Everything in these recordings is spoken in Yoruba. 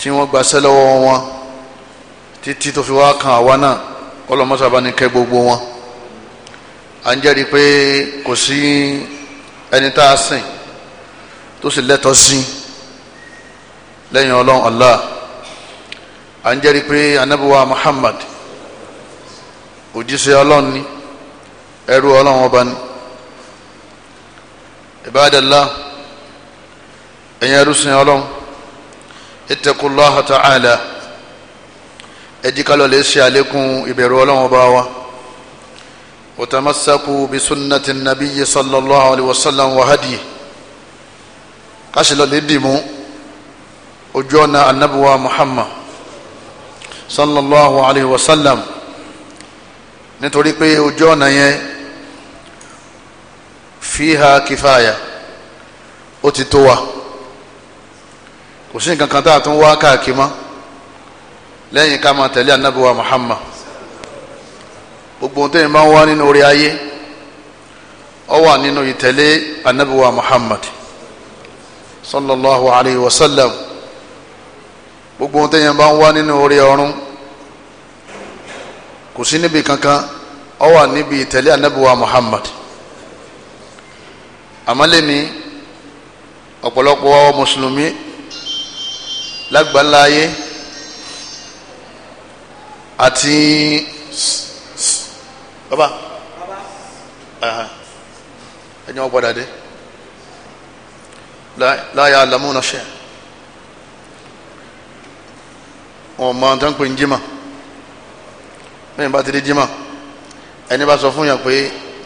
tí wọ́n gbaṣẹ́ lọ́wọ́ wọn títí tó fi wá kan àwa náà ọlọ́mọṣàbá ni kẹ́ gbogbo wọn à ń jẹ́rìí pé kò sí ẹni tá a sìn tó sì lẹ́tọ̀ọ́ sí lẹ́yìn ọlọ́run Allah à ń jẹ́rìí pé anábíwá Muhammad òjíṣẹ́ ọlọ́run ni ẹrú ọlọ́run ọba ni Ibadallah ẹ̀yin ẹrú sìn ọlọ́run. اتقوا الله تعالى اجكلوا ليس عليكم يبروا لهم باوا وتمسكوا بسنة النبي صلى الله عليه وسلم وهديه قشل لديمو وجونا النبوة محمد صلى الله عليه وسلم nítorí pé ojú ọ̀nà yẹn fíha kìfàyà ó ti tó wa kò sí nǹkan kan tá a tún wá káàkiri mọ́ lẹ́yìn ká máa tẹ̀lé ànábì wa Muhammad gbogbo ohun tẹ́yìn bá ń wá nínú orí ayé ó wà nínú ìtẹ̀lé ànábì wa Muhammad sallallahu alayhi wa sallam gbogbo ohun tẹ́yìn bá ń wá nínú orí ọ̀run kò sí níbi kankan ó wà níbi ìtẹ̀lé ànábì wa Muhammad àmọ́ lẹ́ni ọ̀pọ̀lọpọ̀ mùsùlùmí lágbàlá ayé àti bàbá ẹni wọn padà dé láyà àlámúna ṣe wọn máa tán pé ń jímà mẹ́yìn bá ti dé jímà ẹni bá sọ fún yàn pé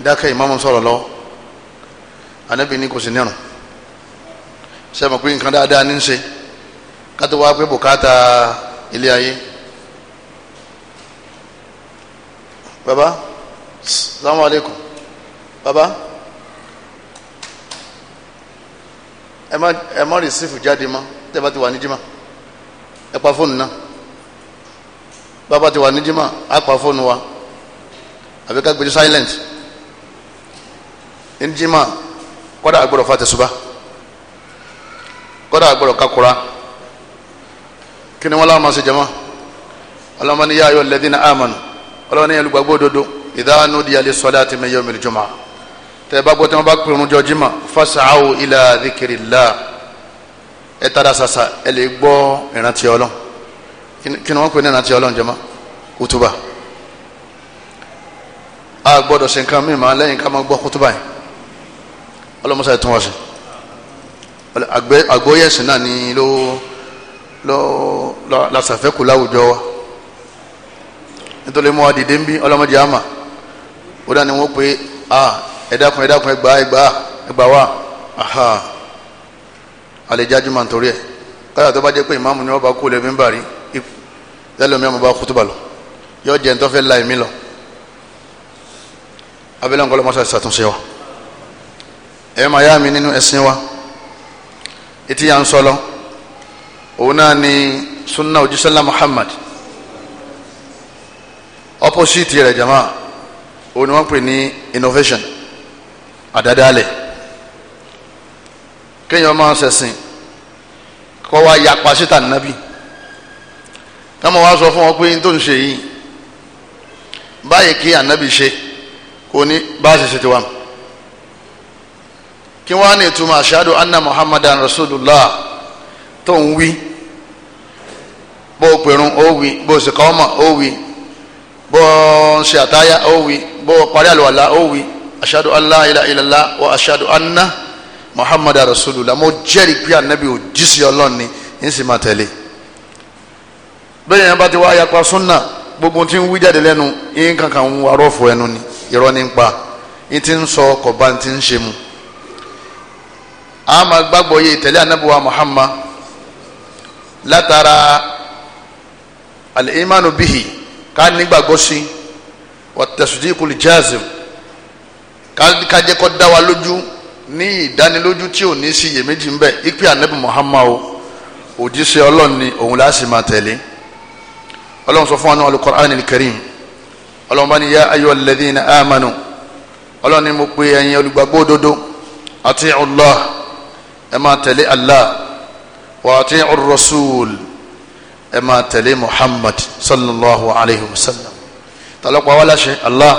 dákẹ́ ìmáàmù sọ̀rọ̀ lọ́wọ́ anábì ní kò sí nírun ṣe é mọ̀ pé nǹkan dáadáa ní ń ṣe kátó wá pé bùkátà ilé ayé baba salamu baba ẹ má ẹ má rìsífù jáde mọ́ tẹ́ bá ti wà ní jimá ẹ pa fóònù náà bàbá ti wà ní jimá á pa fóònù wa àbí ká gbèjú e silent ní jimá kọ́dà àgbọ̀dọ̀ fa tẹ̀sùbá kọ́dà àgbọ̀dọ̀ kakura kí ni wọ́n láwọn máa ṣe jama ọlọ́mọ ní yá ayọ̀ lẹ́dínà àmánù ọlọ́mọ ní olùgbàgbọ́ òdodo ìdáhànú di alẹ́ sọ́lá ti mẹ́yọ́ mẹ́rin jọmọ́ tẹ́ ẹ bá gbọ́ tí wọ́n bá pè ọ́nù jọjúmọ́ fas'aw ila dhikrillah ẹ tara sàṣà ẹ lè gbọ́ ìrántí ọlọ́n kí ni wọ́n pè ní ìrántí ọlọ́n jọmọ́ kutuba a gbọ́dọ̀ ṣe nǹkan mímọ́ lẹ́yìn ká máa gbọ́ kutuba yìí ọlọ́mọṣẹ́ tún wá sí ni Lo lọ lásàfẹ́kù láwùjọ wa nítorí mọ́ adìde ń bí ọlọ́mọdé àmà ó dá ní wọ́n pé ẹ̀dákun ẹ̀dákun ẹgbà ẹgbà ẹgbà Aha, àlejájú máa ń torí ẹ̀ káyà tó bá jẹ́ pé ìmáàmù ni wọ́n bá kú lẹ́bí ń bà rí tẹ́lẹ̀mí ọmọ bá kú tó bà lọ yọ jẹ́ nítorí la ẹ̀mí lọ abẹ́lẹ́ nǹkan lọ́mọ́sá ṣàtúnṣe wa ẹ̀ máa yá mi nínú ẹ̀sìn wa etí ya ń sọ lọ́wọ́ òun náà ni sunna ojúsọ́lá muhammad opposite rẹ̀ jama òun ni wọ́n pè ní innovation àdádálẹ̀ kéèyàn máa ń ṣẹ̀sìn kọ́ wa yapa síta nàbì táwọn wá sọ fún wọn pé tó ń ṣe yìí báyìí kí ànábì ṣe kò ní bá a ṣe ṣe tiwa kí wọ́n á ní ìtumọ̀ ashadu anna muhammadan rasulullah tó ń wí bó o pèrún ó wí bó o sì kọ́ ọmọ ó wí bó o ṣe àtáyà ó wí bó o parí àlùwàlá ó wí ashadu allah ilaha wa ashadu anna muhammadu rasulullah mo jẹ́rìí pé anabi ò jí sí ọlọ́run ni ń sì máa tẹ̀lé bẹ́ẹ̀ yẹn bá ti wá ayapa súnà gbogbo tí ń wí jáde lẹ́nu yín kankan ń arọ́fọ ẹnu ni irọ́ ní ń pa yín ti ń sọ kọ̀ọ̀bá ti ń ṣe mu a gbàgbọ́ yé ìtẹ̀lé anabiwa muhammad látara al-imanu bihi ká nígbàgbọ́ sí wa tasdiqul jazim ká jẹ́ kó dá wa lójú ní ìdánilójú tí ò ní sí iyèméjì ń bẹ ipe anabi muhammadu òjíṣẹ́ ọlọ́run ni òun la sì máa tẹ̀lé ọlọ́run sọ fún wa ní al-Qur'an al-Karim ọlọ́run bá ní ya ayyuhal ladhina amanu ọlọ́run ni mo pe ẹ̀yin olùgbàgbọ́ òdodo ati'u Allah ẹ máa tẹ̀lé Allah wa ati'u rasul ẹ máa tẹ̀lé muhammad sallallahu alayhi wa sallam talọ́pọ̀ wàlá ṣe allah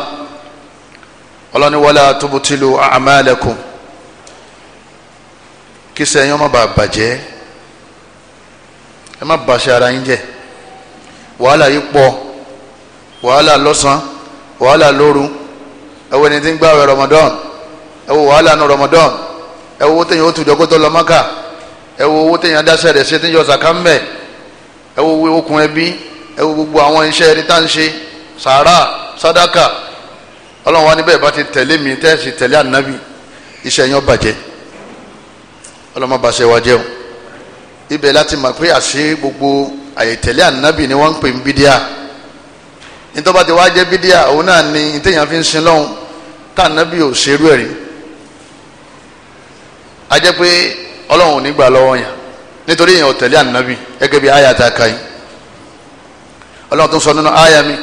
ọlọ́ni wala tubtilu a'malakum kí sẹ́yìn ọmọ bàa bàjẹ́ ẹ má bàṣẹ ara yín jẹ́ wàhálà yìí pọ̀ wàhálà lọ́sàn wàhálà lóru ẹ wo ẹni tí ramadan ẹ wàhálà nu ramadan ẹ wo tẹ̀yìn ó tùjọ́ kó ẹ wo owó téèyàn dáṣẹ rẹ ṣe téèyàn ọsàkà ń bẹ ẹ wo owó okùn ẹbí ẹ wo gbogbo àwọn iṣẹ́ ẹni tá ń ṣe sàárà sádàkà Ọlọ́run wa níbẹ̀ bá ti tẹ̀lé mi tẹsí tẹ̀lé ànábì iṣẹ́ yẹn bàjẹ́ ọlọmọ bá ṣe wá jẹ o ibẹ̀ láti mọ̀ pé àṣé gbogbo àyètẹ̀lé ànábì ni wọ́n ń pè ń bídíà nítorí tí wàá jẹ́ bídíà òun náà ni téèyàn fi ń sin lọ́hùn tá ànábì ò ṣerú ẹ̀ rí a jẹ́ pé ọlọ́run ò ní gbà lọ́wọ́ yẹn nítorí yẹn ò tẹ̀lé ànábì gẹ́gẹ́ bí àyà tá a kà yín ọlọ́run tó sọ nínú àyà mi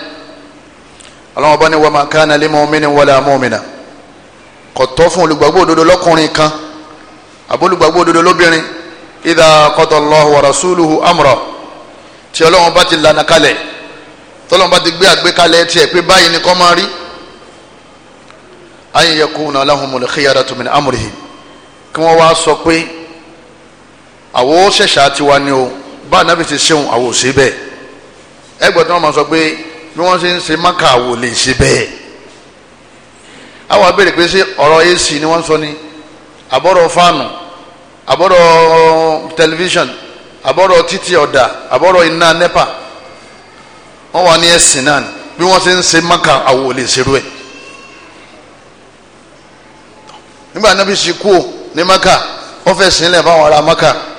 ọlọ́run ọba ní wa ma kana li mu'minin wala mu'mina kò tọ́ fún olùgbàgbọ́ òdodo lọ́kùnrin kan àbí olùgbàgbọ́ òdodo lóbìnrin idha qada Allahu wa rasuluhu tí ọlọ́run bá ti lànà kalẹ̀ tọ́lọ́run bá ti gbé àgbékalẹ̀ tiẹ̀ pé báyìí ni kọ́ máa rí an yakuna lahumul khiyaratu min amrihim kí wọ́n wá sọ pé àwo ṣẹ̀ṣà tiwa ni o bá anabi ti ṣeun àwo ṣe bẹ́ẹ̀ ẹ gbọ́dọ̀ máa sọ pé bí wọ́n ṣe ń ṣe maka àwo lè ṣe bẹ́ẹ̀ àwọn abẹ́rẹ́ pé ṣé ọ̀rọ̀ ac ni wọ́n sọ ni àbọ̀rọ̀ fáànù àbọ̀rọ̀ tẹlifíṣàn àbọ̀rọ̀ títí ọ̀dà àbọ̀rọ̀ iná nepa wọ́n wà ní ẹ̀sìn náà bí wọ́n ṣe ń ṣe maka àwo lè ṣerú ẹ̀ nígbà náà bí kú ní maka wọ́n fẹ́ sílẹ̀ fáwọn ará maka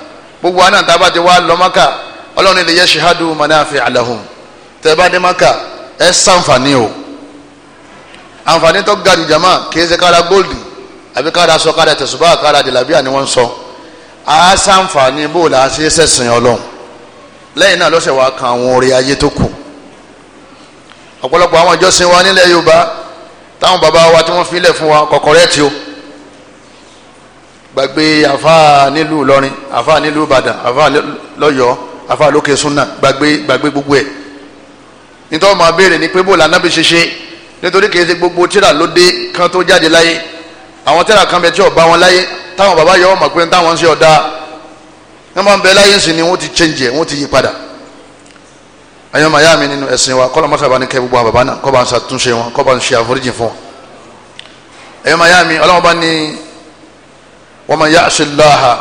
gbogbo àná tá a bá ti wá lọ maka ọlọ́run lè yẹ ṣihadu manáfi alahum tẹ bá dé maka ẹ sànfàní o ànfàní tó ga jù jama kìí ṣe kára góòlì àbí kára sọ kára tẹ̀sùbá kára jìlábíà ni wọ́n sọ a sànfàní bó la ṣe ọlọ́run lẹ́yìn náà lọ́sẹ̀ wàá kan àwọn orí ayé tó kù ọ̀pọ̀lọpọ̀ àwọn ìjọsìn wa nílẹ̀ yorùbá táwọn bàbá wa tí wọ́n fi ilẹ̀ fún wa kọ̀kọ̀rẹ́ tí o gbàgbé afa nílùú Ìlọrin àfa nílùú Ìbàdàn àfa lọ́yọ̀ọ́ afa lókè súnà gbàgbé gbàgbé gbogbo ẹ̀ nítorí máa béèrè ni pé bó la nábì ṣiṣẹ́ nítorí kìí ṣe gbogbo tíra ló dé kan tó jáde láyé àwọn tíra kan bẹ tí ò bá wọn láyé táwọn bàbá yọ ọmọ pé táwọn ń ṣe ọ̀dà wọn máa ń bẹ láyé sí ni wọn ti change wọn ti yí padà àyàn màá yá mi nínú ẹ̀sìn wa kọ́lọ́ mọ́sàbá ní kẹ́ gbogbo àwọn bàbá náà kọ́ bá ń ṣàtúnṣe wọn kọ́ bá ń ṣe àforíjì fún wọn àyàn màá yá mi ọlọ́wọ́n bá ní wa man ya'shi Allaha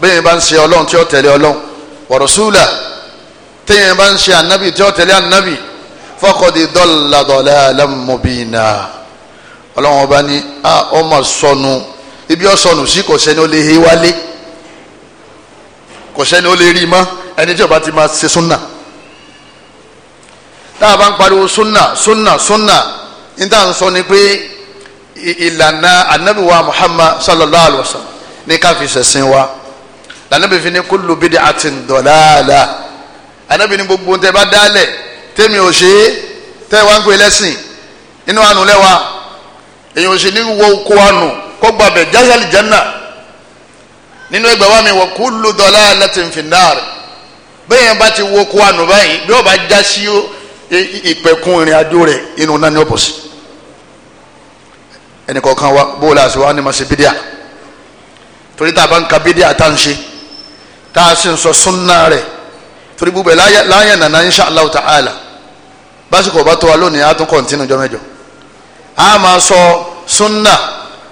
bẹ́ẹ̀ bá ń ṣe ọlọ́run tí ó tẹ̀lé ọlọ́run wa rasula tẹ́yìn bá ń ṣe ànábì tí ó tẹ̀lé ànábì faqad dalla dalalan mubina ọlọ́run ọba ní a ọmọ sọnù ibi ọsọnù sí kò sẹ́ni ó lè he wálé kò sẹ́ni ó lè rí i mọ́ ẹni tí ó ti máa ṣe súnà tá a bá ń pariwo súnà súnà súnà ní tá à ń sọ ni pé ìlànà ànábì Muhammad sallallahu alayhi wa sallam ní ká fi ṣẹ̀sìn wa lànàbí fi ní kullu bid'atin dalalah ànàbí ní gbogbo tẹ bá dálẹ̀ tẹ́mi ò ṣe é tẹ́ wá ń gbé lẹ́sìn inú àánú lẹ́wà èyàn ò ṣe ní wo kó àánú kó gbàbẹ̀ jásàlì jẹ́nà nínú ẹgbẹ́ wa mi wa kullu dalalatin fin nar bẹ́ẹ̀ yẹn bá ti wo kó àánú báyìí bí wọ́n bá já sí ìpẹ̀kun ìrìn àjò rẹ̀ inú náà ọ̀pọ̀ sí ẹnì kọ̀ọ̀kan wa bó o là sí ni ma ṣe bídíà torí tá a bá ń ka bídí àtànṣe tá a sì ń sọ súnà rẹ̀ torí búbẹ̀ láyẹ̀ nàná insha Allah ta'ala básìkò bá tó wa lónìí á tún kọ̀ǹtínú jọ mẹ́jọ a máa sọ súnà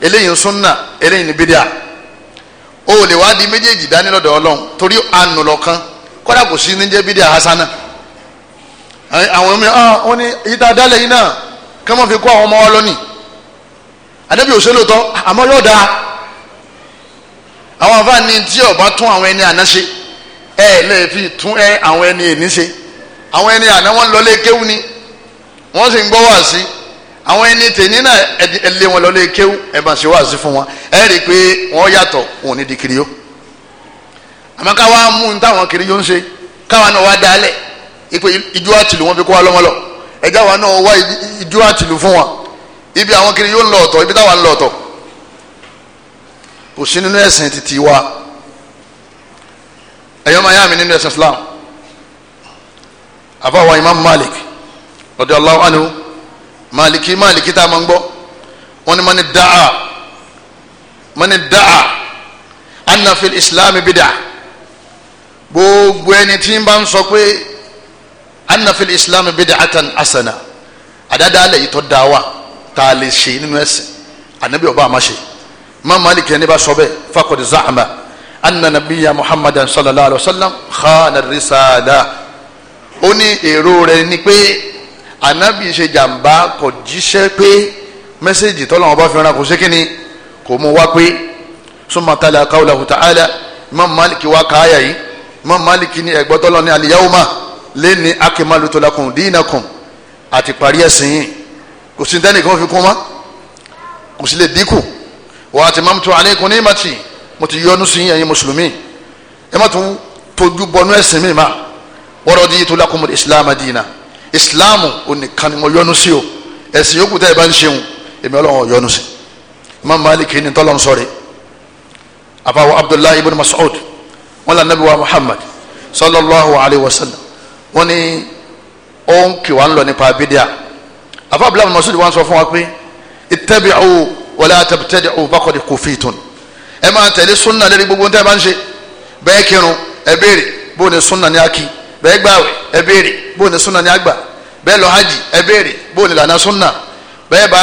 eléyìí súnà eléyìí ní bídí à o lè wá di méjèèjì dání lọ́dọ̀ ọlọ́run torí àánú lọ́kàn kọ́dà kò sí níjẹ́ bídí à hasana àwọn mi ah wọ́n ní ìta dálẹ̀ yìí náà kí wọ́n fi kó àwọn ọmọ wa lónìí àdébí òṣèlú tán àmọ́ yóò dáa àwọn afa ni tí ọba tún àwọn ẹni àná ṣe ẹ lè fi tún ẹ àwọn ẹni èní àwọn ẹni àná wọn lọlé kéwú ni wọn sì ń gbọ́ wá sí àwọn ẹni tèmi náà ẹ lé wọn lọlé kéwú ẹ bá ṣe wá sí fún wọn ẹ rí i pé wọn yàtọ̀ wọn ò ní di kiri yó àmọ́ mú ní táwọn kiri ń ṣe káwọn náà wá dálẹ̀ ipe ijó àtìlù wọn fi kó wa lọ́mọlọ ẹ̀já wa náà wá ijó àtìlù fún wọn ibi àwọn kiri yó ń lọ ọ̀tọ̀ ibi táwa ń lọ ọ̀tọ̀ kò sí nínú ẹ̀sìn títí wa ẹ̀yọ́ máa yá mi nínú ẹ̀sìn Islam àfàwọn Imam Malik radiyallahu anhu Maliki Maliki tá a máa ń gbọ́ wọ́n ní mani da'a mani da'a anna fil Islam bid'a gbogbo ẹni tí n bá ń sọ pé anna fil asana àdáda alẹ́ yìí tó dáa wa tá a lè ṣe nínú ẹ̀sìn ànábì ọba má malik ẹni bá sọ bẹ́ẹ̀ fakọ̀dé zahama anna nabiya muhammadan sallallahu alayhi wa sallam khana risala ó ní èrò rẹ̀ ni pé anabi ṣe jàmbá kò jíṣẹ́ pé mẹ́sẹ̀gì tọ́lọ́wọ́n bá fi ran kò ṣe kíni kò mú wá pé summa tala qawlahu ta'ala imam malik wa káyà yìí imam malik ni ẹ̀gbọ́ tọ́lọ́ ní aliyahuma lẹ́ni akimalutu lakum dinakum àti parí ẹ̀sìn kò sí dẹ́nìkan fi kún mọ́ kò sí lè dínkù wa atimamtu alaykum ni'mati mo ti yọ́nú sí ẹ̀yin mùsùlùmí ẹ má tún tójú bọnú ẹ̀sìn mi ma wa raditu lakumul islam dina ìsìláàmù onìkan ni mo yọ́nú sí o ẹ̀sìn yòókù tẹ́ ẹ bá ń ṣeun èmi ọlọ́run yọ́nú sí imam malik ni tọ́lọ́n sọ̀rọ̀ àbáwọ̀ abdullahi ibn mas'ud wọn là nàbí wa muhammad sallallahu alayhi wa sallam wọn ni ó ń ń lọ nípa abidia àbá abdullahi ibn mas'ud wọn sọ fún wa pé ittabi'u wala tabtadi'u baqad kufitum ẹ máa tẹ̀lé sunna lórí gbogbo ntẹ́ bá ń ṣe bẹ́ẹ̀ kírun ẹ béèrè bóun ni sunna ni a kí bẹ́ẹ̀ gbààwẹ̀ ẹ béèrè bóun ni sunna ni a gbà bẹ́ẹ̀ lọ hajj ẹ béèrè bóun ni lànà sunna bẹ́ẹ̀ bá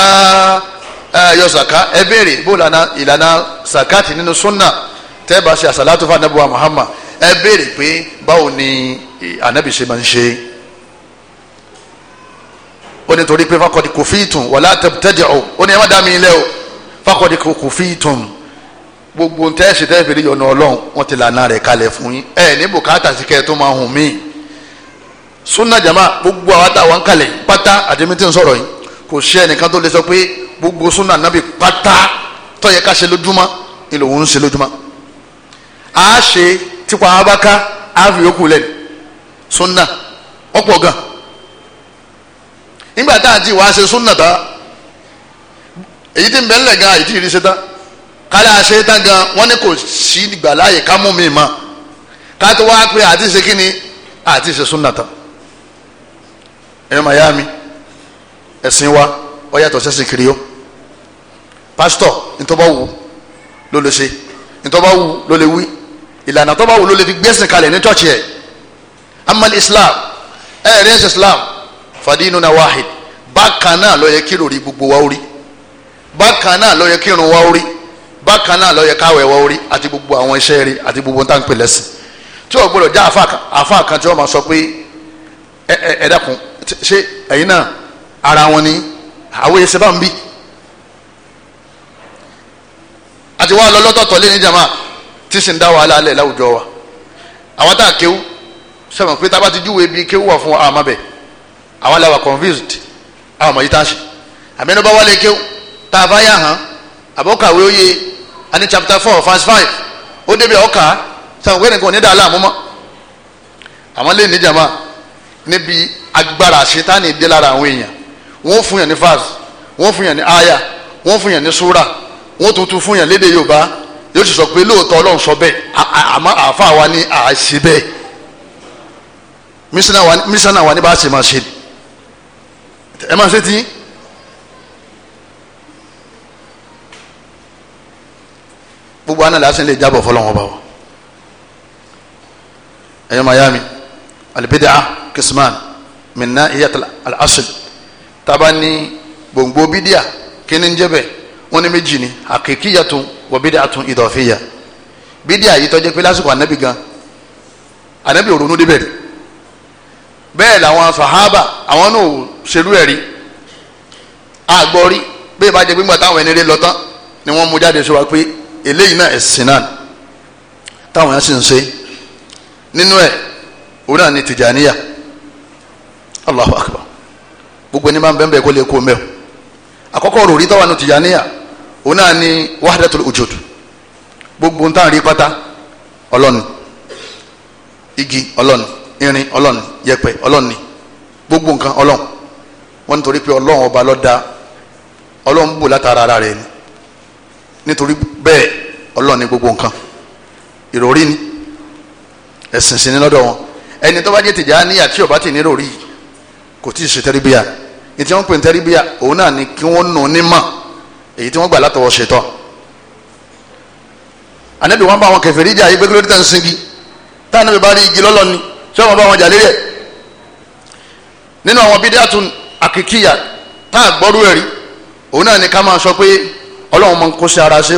yọ saka ẹ béèrè bóun lànà ìlànà sakati nínú sunna tẹ́ bá ṣe àṣàlátú fún e, ní torí pé fakọ̀dí kò fi ìtùn wala tabtadi'u ó ní ẹ má dá mi ilé o fakọ̀dé kò fi tún gbogbo ntẹ́ ṣe tẹ́ fèrè yọ̀nà ọlọ́run wọ́n ti lànà rẹ̀ kalẹ̀ fún yín ẹ ní bùkátà sí kẹ́ tó máa hùn mí. sunna jama gbogbo àwọn àtàwọn kalẹ̀ pátá àdèmí tí ń sọ̀rọ̀ yìí kò ṣe ẹnìkan tó lè sọ pé gbogbo sunna nabi pata tó yẹ ká ṣe lójúmọ́ ìlò òun ń ṣe lójúmọ́. a ṣe tipa abaka a fi yókù lẹ́nu sunna ọ̀pọ̀ gan nígbà tá à ti wá ṣe sunna tá èyí tí ń bẹ gan àyè tí ì rí gan wọ́n ní kò sí ìgbà láàyè ká mi mọ́ ká tó wá pé àti ṣe kíni àti ṣe mayami ẹ̀sìn wa ọ yàtọ̀ sẹ́sìn kiri o pásítọ̀ ntọ́ba wù ló lè ṣe ntọ́ba wù ló fi gbẹ́sìn kalẹ̀ ní chọ́ọ̀chì ẹ̀ amal islam ẹ̀ẹ́dẹ́sì islam fadínú na wahid bákan náà yẹ gbogbo wa bákan náà ló yẹ kírun wá orí bákan náà ló yẹ káwẹ̀ wá orí àti gbogbo àwọn iṣẹ́ rere àti gbogbo tá à ń pè lẹ́sìn tí o gbọ́dọ̀ já àfa kan tí wọ́n máa sọ pé ẹ ẹ ẹ dákun ṣé náà ara wọn ni àwọn ẹsẹ̀ bá ń bí àti wàá lọ lọ́tọ̀ọ̀tọ̀ lé ní jama tí sì ń dá wàhálà alẹ́ láwùjọ wa àwọn tá a kéwú sọ̀rọ̀ pé tá a bá ti júwèé bí kéwú wà fún wa àmọ́ àwọn làwà confused àwọn ọmọ yìí tá a ṣe àmẹ́nu bá wà lé kéwú tá a bá yà hàn àbọ̀kàwé ó yẹ ani chapter four verse five ó débi ọkà sàn wẹ́n nìkan onídàá láàmú mọ́ àwọn lè níjàmbá níbi agbára ṣetánì dé lára àwọn èèyàn wọ́n fún yàn ní verse wọ́n fún yàn ní aya wọ́n fún yàn ní sura wọ́n tuntun fún yàn léde yorùbá yóò sì sọ pé lóòótọ́ ọlọ́run sọ bẹ́ẹ̀ àmọ́ àáfàá wa ní àṣẹ bẹ́ẹ̀ mísánà wa ní bá ṣe máa ṣe ẹ máa ṣe tí gbogbo àná làásìn lè jábọ̀ fọlọ́wọn bá wa ẹ̀yọ́ mayami alibid'a kisman minna iyat al-asl taba ni gbòǹgbò bidia kíni ń jẹ́bẹ̀ wọ́n ní méjì ni hakikiyatun wa bid'atun idafiya bidia yìí tó jẹ́ pé lásìkò anabi gan anabi ò ronú débẹ̀ rí bẹ́ẹ̀ làwọn sahaba àwọn náà ṣerú ẹ̀ rí àgbọ̀ rí bẹ́ẹ̀ bá jẹ́ pé ńgbà táwọn ni wọ́n mú jáde sọ wa pé eléyìí náà ẹ̀sìn náà táwọn yẹn sì ń ṣe nínú ẹ̀ òun náà ni tìjàníyà Allahu akbar gbogbo ẹni máa ń bẹ́ẹ̀ kó lè kó mẹ́ọ̀ àkọ́kọ́ rò rí táwọn ẹni tìjàníyà òun náà ni wahdatul wujud gbogbo nǹkan rí pátá ọlọ́ni igi ọlọ́ni irin ọlọ́ni yẹ̀pẹ̀ ọlọ́ni gbogbo nǹkan ọlọ́n wọn nítorí pé ọlọ́run ọba ló dá ọlọ́run bò látara ara rẹ̀ ni nítorí bẹ́ẹ̀ ọlọ́run ní gbogbo nǹkan ìròrí ni ẹ̀sìn sí ni lọ́dọ̀ wọn ẹni tó bá jẹ́ tìjà níyà tí ọba ti ní ròrí kò tí ì ṣe tẹ́ríbíà ètí wọn pè ní tẹ́ríbíà òun náà ni kí wọ́n nù ní mọ̀ èyí tí wọ́n gbà látọwọ́ ṣètọ́ ànábì wọn bá wọn kèfèrí jà yí pé kílódé tẹ̀ ń singi táwọn ẹbí bá rí igi lọ́lọ́ ni ṣé wọn bá wọn jà lérè nínú àwọn bídíàtún àkìkíyà tá a gbọ́rú ẹ̀rí òun náà ni ká máa sọ pé ọlọ́run máa ń sí ara ṣé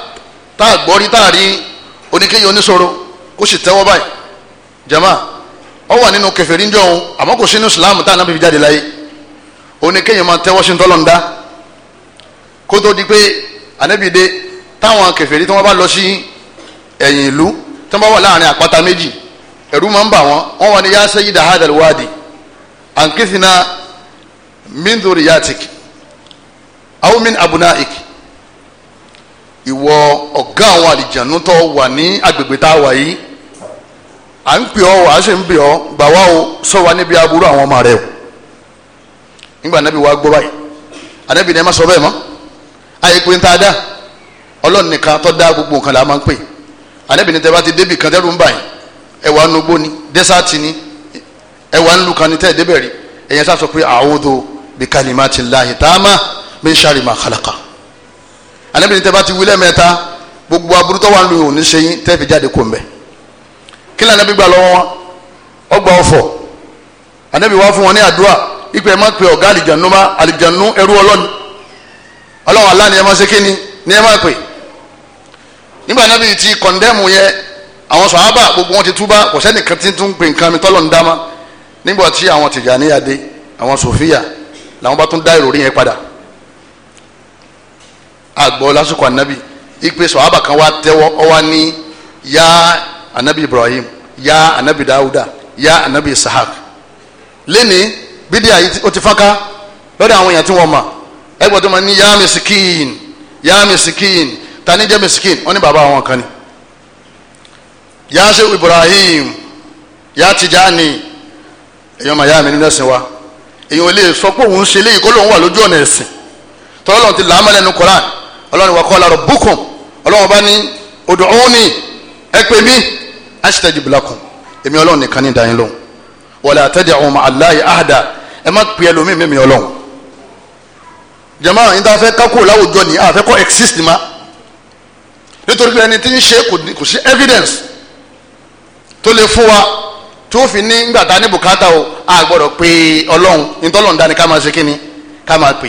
tá a gbọ́ rí tá a rí oníkéyìí oníṣòro kó sì tẹ́wọ́ báyìí jama ọ wà nínú kẹfẹ́rí ńjọ òun àmọ́ kò sínú islam tá a náà fi jáde láyé oníkéyìí máa tẹ́wọ́ sí ntọ́lọ́ndá kó tó di pé anábìde táwọn kẹfẹ́rí tí wọ́n bá lọ sí ẹ̀yìn ìlú tí wọ́n bá wà láàrin àpáta méjì ẹ̀rú máa ń bà wọ́n wọ́n wà ní ìwọ ọ̀gá àwọn àlìjànú tó wà ní agbègbè tá a wà yìí à ń pè wà à sì ń bè ọ gbà wá o sọ wa níbi aburú àwọn ọmọ rẹ o nígbà anábì wa gbọ́ báyìí anábì náà má sọ pé tá a dá ọlọ́run nìkan tó dá gbogbo nǹkan là máa ń pè ní ti débi kan ń ni dẹ́sáàtì ni ńlu kan ni tẹ́ débẹ̀ rí ẹ̀yẹn sá sọ pé anabi ní tẹ́ bá ti wí lẹ́ẹ̀mẹ́ta gbogbo aburú tó wà ń lu yìí ò ní ṣe yín tẹ́ fi jáde kó mbẹ́ kí ni anabi gbà lọ́wọ́ wọn ọgbà ọ̀fọ̀ anabi wá fún wọn ní àdúrà ipe ẹ má pe ọ̀gá àlìjànú má àlìjànú ẹrú ọlọ́ni ọlọ́run alá ni ẹ má ṣe kí ni ẹ má pè nígbà anabi ti kọ̀ndẹ́mù yẹn àwọn sàhábà gbogbo wọn ti túbà kò sẹ́nìkan tí ń tún pè nǹkan mi tọ́lọ̀ ń dá má nígbà tí àwọn Tìjàníyà àwọn Sòfíyà làwọn bá tún dá ìròrí yẹn padà àgbọ̀ lásìkò ànábì ipe sọ̀hábà kan wá tẹ́wọ́ ọ wá ní yá ànábì Ibrahim ya anabi Dawuda ya anabi Isahak lẹ́ni bídíà yìí ó ti fọ́nká lọ́dọ̀ àwọn èèyàn tí wọ́n mọ̀ ẹgbẹ́ tó máa ní yá mẹsìkìn yá mẹsìkìn tani jẹ́ mesikin wọ́n ní bàbá àwọn kan ni yá ṣe Ibrahim ya Tijani èèyàn máa yá mi nínú ẹ̀sìn wa èèyàn ò lè sọ pé òun ṣe léyìí kó lóun wà lójú ọ̀nà ẹ̀sìn tọ́lọ́run ti làámọ́lẹ́nu Koran ọlọ́run wà qala rabbukum ọlọ́run bá ní ud'uni ẹ pè mí astajib lakum èmi ọlọ́run nìkan ní ìdáyín lóhùn wala tad'u ma'a Allahi ahada ẹ má pè ẹlòmíì mímì ọlọ́run jama yìí tá a fẹ́ kákó láwùjọ ní àfẹ́ kọ́ exist ma nítorí pé ẹni tí ń ṣe kò sí evidence tó lè fún wa tó fi ní gbàtà ní bùkátà o a gbọ́dọ̀ pé ọlọ́run ní tọ́lọ́run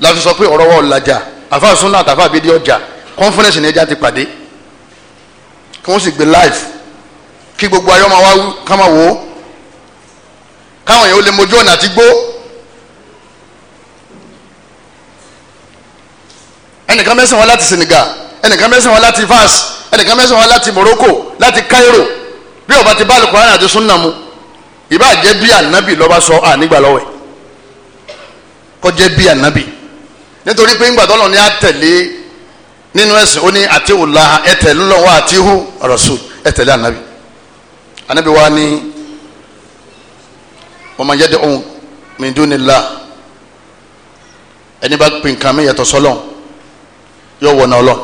láti sọ pé ọ̀rọ̀ wa ọ̀làjà àfa sunna àtàfà àbídí ọjà conference ní ẹja ti pàdé kí wọ́n sì gbé live kí gbogbo ayé ọmọ wa kama máa wò ó káwọn èèyàn ó lè mójú ọ̀nà àti gbó ẹnìkan mẹ́sàn-án wá láti Senegal ẹnìkan mẹ́sàn-án wá láti Fas ẹnìkan mẹ́sàn-án wá láti Morocco láti Cairo bí ọba ti bá Al-Qur'an àti sunna mu ìbá jẹ́ bí ànábì lọ́ba sọ ànígbà lọ́wẹ̀ kọ́ bí ànábì nítorí pé ńgbà tọ́lọ̀ ní àtẹ̀lé nínú ẹ̀sìn ó ní àtiwùlá ẹ̀tẹ̀lé lọ́wọ́ àtihu rasul ẹ̀tẹ̀lé ànábì ànábì wa ní wa man yad'u min dunillah ẹni bá pè nǹkan mi yàtọ̀ sọ́lọ̀ yóò wọ̀ náà lọ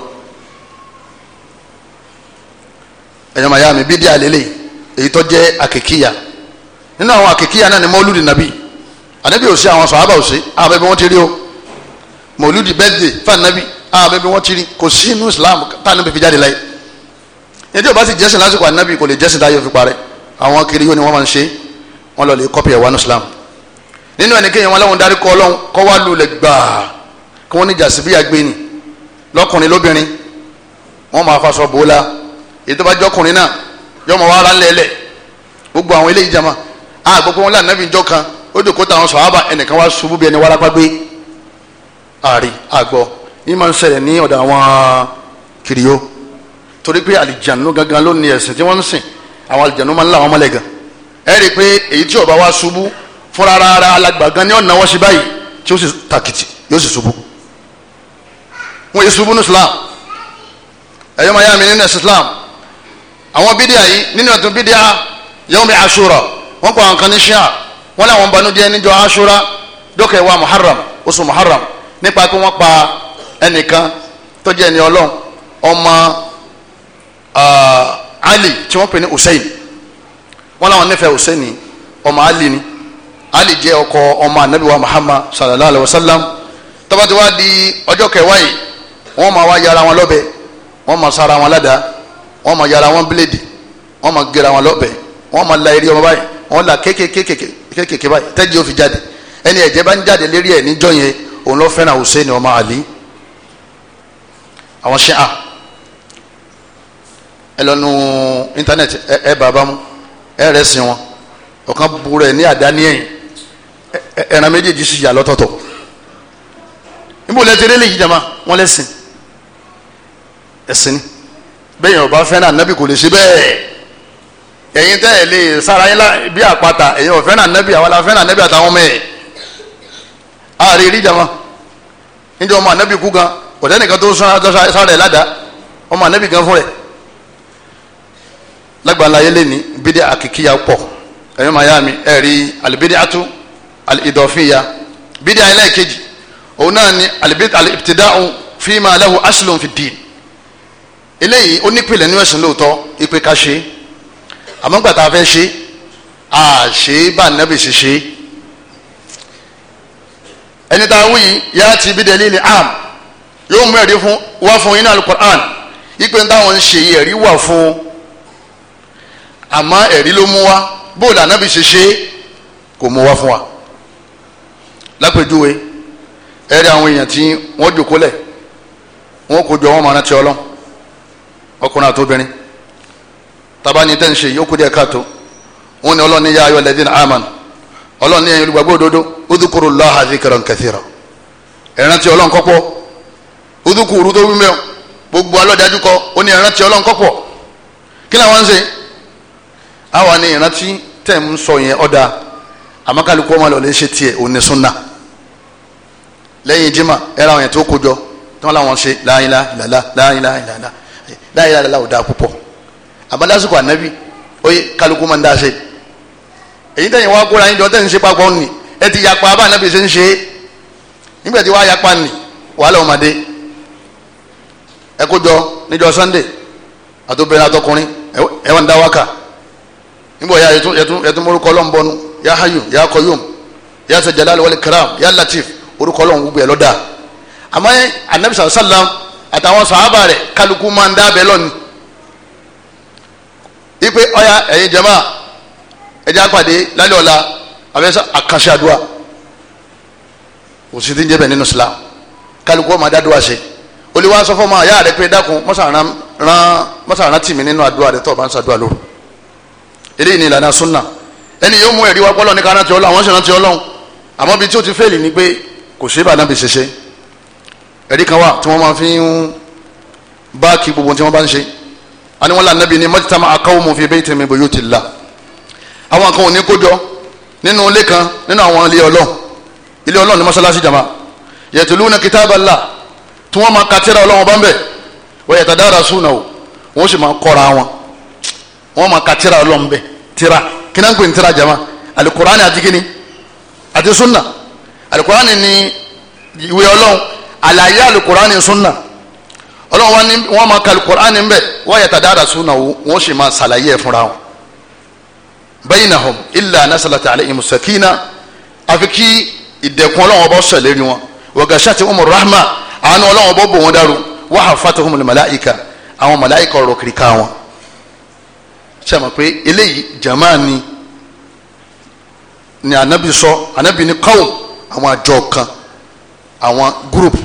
ẹ̀yọ́ màyà mi bídí àlélẹ̀ èyí tó jẹ́ àkèkíyà nínú àwọn àkèkíyà náà ni mọ́lúdì nàbì ànábì ò sí àwọn sàhábà ò sí mọ̀lúdì bẹ́ẹ̀dẹ̀ fànàbí àbẹ̀ ah, bí wọ́n ti rí kò sí inú islam táwọn níbi fi jáde láyé ẹjọ́ bá ti jẹ́sìn lásìkò ànábì kò lè jẹ́sìn táyọ̀ fi parẹ́ àwọn kiri yóò ni wọ́n máa ń ṣe wọ́n lọ lè kọ́pì ẹ̀wà ní islam nínú ẹnikẹ́yìn wọn láwọn darí kọ́ ọlọ́run kọ́ wá lulẹ̀ gbàá kí wọ́n ní jàsíbíyà gbé ni lọ́kùnrin lóbìnrin wọ́n máa faṣọ bòólá èyí tó bá jọkùnrin náà yọ mọ̀ wá ara lẹ́lẹ̀ gbogbo àwọn eléyìí jama ah, àgbẹ̀kọ́ wọn lànà bí njọ́ kan ó dòkó àrí àgbọ̀ yìí máa ń ṣẹlẹ̀ ní ọ̀dọ̀ àwọn kìrìó torí pé àlìjànú gangan ló ní ẹ̀sìn tí wọ́n ń sìn àwọn àlìjànú máa ń là wọ́n mọ́lẹ̀ gan ẹ rí i pé èyí tí ọba wa ṣubú fúnra rárá alàgbà gan ni ọ̀nà wọ́n ṣe báyìí tí ó sì tàkìtì yóò sì ṣubú wọ́n yé ṣubú ní Islam ẹ̀yọ́ máa yá mi nínú ẹ̀sìn Islam àwọn bídíà yìí nínú ẹ̀tún bídíà yẹ́wọ́n mi aṣọra wọ́n kọ́ àwọn kan ní ṣíà wọ́n láwọn banú níjọ aṣọra dókè wa Muharram oṣù Muharram nípa pé wọ́n pa ẹnìkan tó jẹ́ ẹni ọlọ́run ọmọ Ali tí wọ́n pè ní Hussein wọ́n láwọn nífẹ̀ẹ́ Hussein ni ọmọ Ali ni Ali jẹ́ ọkọ ọmọ anabiwa Muhammad sallallahu alayhi wa sallam tó wá di ọjọ́ kẹwàá yìí wọ́n máa wá yára wọn lọ́bẹ wọ́n máa sára wọn ládàá wọ́n máa yára wọn bíléèdì wọ́n máa gẹ̀ra wọn lọ́bẹ wọ́n máa la eré ọmọ báyìí wọ́n la kékèké kékèké báyìí tẹ́jú ó fi jáde ẹni ẹ̀jẹ̀ bá ń jáde lérí ẹ̀ níjọ́ yẹn òun ló fẹ́ràn Hussein ọmọ Ali àwọn ṣíà ẹ lọ́nu íńtánẹ́ẹ̀tì ẹ bàbá mu ẹ rẹ̀ sìn wọn ọ̀kan burú ẹ̀ ní àdáni ẹ̀yìn ẹran méjèèjì sì yà lọ́tọ̀ọ̀tọ̀ níbo lẹ́tẹ̀rẹ́ lè yí jama wọ́n lẹ́sìn ẹ̀sìn ni bẹ́ẹ̀ yẹn ọba fẹ́ràn ànábì kò lè ṣe bẹ́ẹ̀ ẹ̀yin tẹ́ ẹ̀ lè sára yín bí àpáta ẹ̀yin ọ̀fẹ́ràn ànábì àwọn afẹ́ràn ànábì àtàwọn ọmọ ẹ̀ ààrẹ rí jama níjọ ọmọ anabi kú gan ọ̀dẹ́ nìkan tó sán sára ẹ̀ ládàá ọmọ anabi gan fún rẹ̀ lágbàlá ayé lẹ́ni bídí àkìkíyà pọ̀ ẹ̀yọ́ mayami ẹ̀rí alibidi atu alidọ̀fìyà bídí ayélujá kejì òun náà ni alibidi alibtida'u fima alahu aslun fi diin eléyìí ó nípìnlẹ̀ ní ẹ̀sìn lóòótọ́ ipe ká ṣe àmọ́ fẹ́ ṣe àṣe bá nàbì ṣe ṣe ẹni tá a wí yá ti bí dalili am yóò mú ẹ̀rí fún wá fún inú alukur'an ipe ń táwọn ń ṣe yìí ẹ̀rí wà fún àmọ́ ẹ̀rí ló mú wá bóòlù ànábì ṣe ṣe kò mú wá fún wa lápèjúwe ẹ̀rí àwọn èèyàn tí wọ́n jòkó lẹ̀ wọ́n kò jọ wọ́n máa rántí ọlọ́run ọkùnrin àtobìnrin tabani tẹ́ ń ṣe yókù díẹ̀ káàtó wọ́n ní ọlọ́run ní yá ayọ̀ lẹ́dínà amán ọlọ́run ní olùgbàgbọ́ òdodo udukuru laha zikran kathira ẹ̀rántí ọlọ́run kọ́pọ̀ udukuru tó wí mẹ́wọ́ gbogbo alọ́dájú kọ́ ó ní ẹ̀rántí ọlọ́run kọ́pọ̀ kí làwọn ń ṣe àwa ni ìrántí tẹ̀ ń sọ yẹn ọ̀dà àmọ́kálukú ọmọ lọ́ọ́ lè ṣe tiẹ̀ òní súnà lẹ́yìn jimá ẹ̀rọ àwọn yẹn tó kó jọ tí wọ́n láwọn ṣe láyìnlá ìlàlá láyìnlá ìlàlá láyìnlá ìlàlá ò dáa púpọ̀ àmọ́ ànábì ó kálukú máa ń dá ṣe èyí tẹ̀yìn wá kóra yín jọ tẹ̀yìn ṣe papọ̀ nìyí ẹ ti yapa bá anabi ṣe ń ṣe nígbà tí wàá yapa nì wàhálà ọmọdé ẹ kó jọ níjọ́ sunday àtòbìnrin àtọkùnrin ẹ wà ń dá wákà nígbà yà ẹtún ẹtún ẹtún orúkọ hayu ya kọyum ya sọ jalal wal ya latif orúkọ ọlọ́run gbogbo ẹ lọ́dà àmọ́ anabi sàlám àtàwọn sàhábà rẹ̀ kálukú máa ń dábẹ́ lọ́ni ipe ọya ẹ̀yin jẹ́mà ẹ̀jẹ̀ àpàdé lálẹ́ ọ̀la abẹ́sẹ̀ àkànṣe àdúrà òsì tí ń jẹ́ bẹ̀ nínú Islam kálukú ọmọ adádúrà ṣe olùwà sọ fún ọmọ àyà rẹ pé dákun mọ́sàrán tì mí nínú àdúrà rẹ tó o bá ń sàdúrà ni ìlànà súnà ẹni yóò mú ẹ̀rí wá pọ́lọ́ ní ká rántí Ọlọ́run àwọn sì rántí Ọlọ́run àmọ́ bí tí o ti fẹ́ẹ̀lì ni pé kò ṣe é bàdàn bí ṣe kan wà tí wọ́n máa fi ń báàkì gbogbo tí wọ́n bá ń ṣe àníwọ̀n làǹdàbí ni mọ́títàmá akáwọ́ mọ̀ fi bẹ́ẹ̀ tẹ̀mí bòyó ti la àwọn kan ò ní kó jọ nínú ilé kan nínú àwọn ilé ọlọ́run ilé ọlọ́run ní mọ́ṣáláṣí jama yẹtùlúna kitaballah tí wọ́n máa katira ọlọ́run bá ń bẹ̀ wọ́n yatadarasuna o wọ́n sì máa kọ́ra wọn wọ́n máa katira ọlọ́run bẹ̀ tira kíná ń pè ní tira jama alukurani àti kíni àti sunna alukurani ni ìwé ọlọ́run àlàyé alukurani sunna ọlọ́run wọn máa ka ń bẹ̀ wọ́n yatadarasuna o wọ́n sì máa ṣàlàyé ẹ̀ fúnra wọn baynahum illa nasalat alayhim sakina àfi kí ìdẹ̀kùn ọlọ́wọ́n bọ́ sọ̀ lérí wọn wọ̀gàṣà ti umu rahma àánú ọlọ́wọ́n bọ́ bò wọn dàrú wa hafatahum malaika àwọn malaika ọ̀rọ̀ kiri ká wọn. ṣe mọ̀ pé eléyìí jama ni ni anabi sọ anabi ni kawun àwọn àjọ kan àwọn group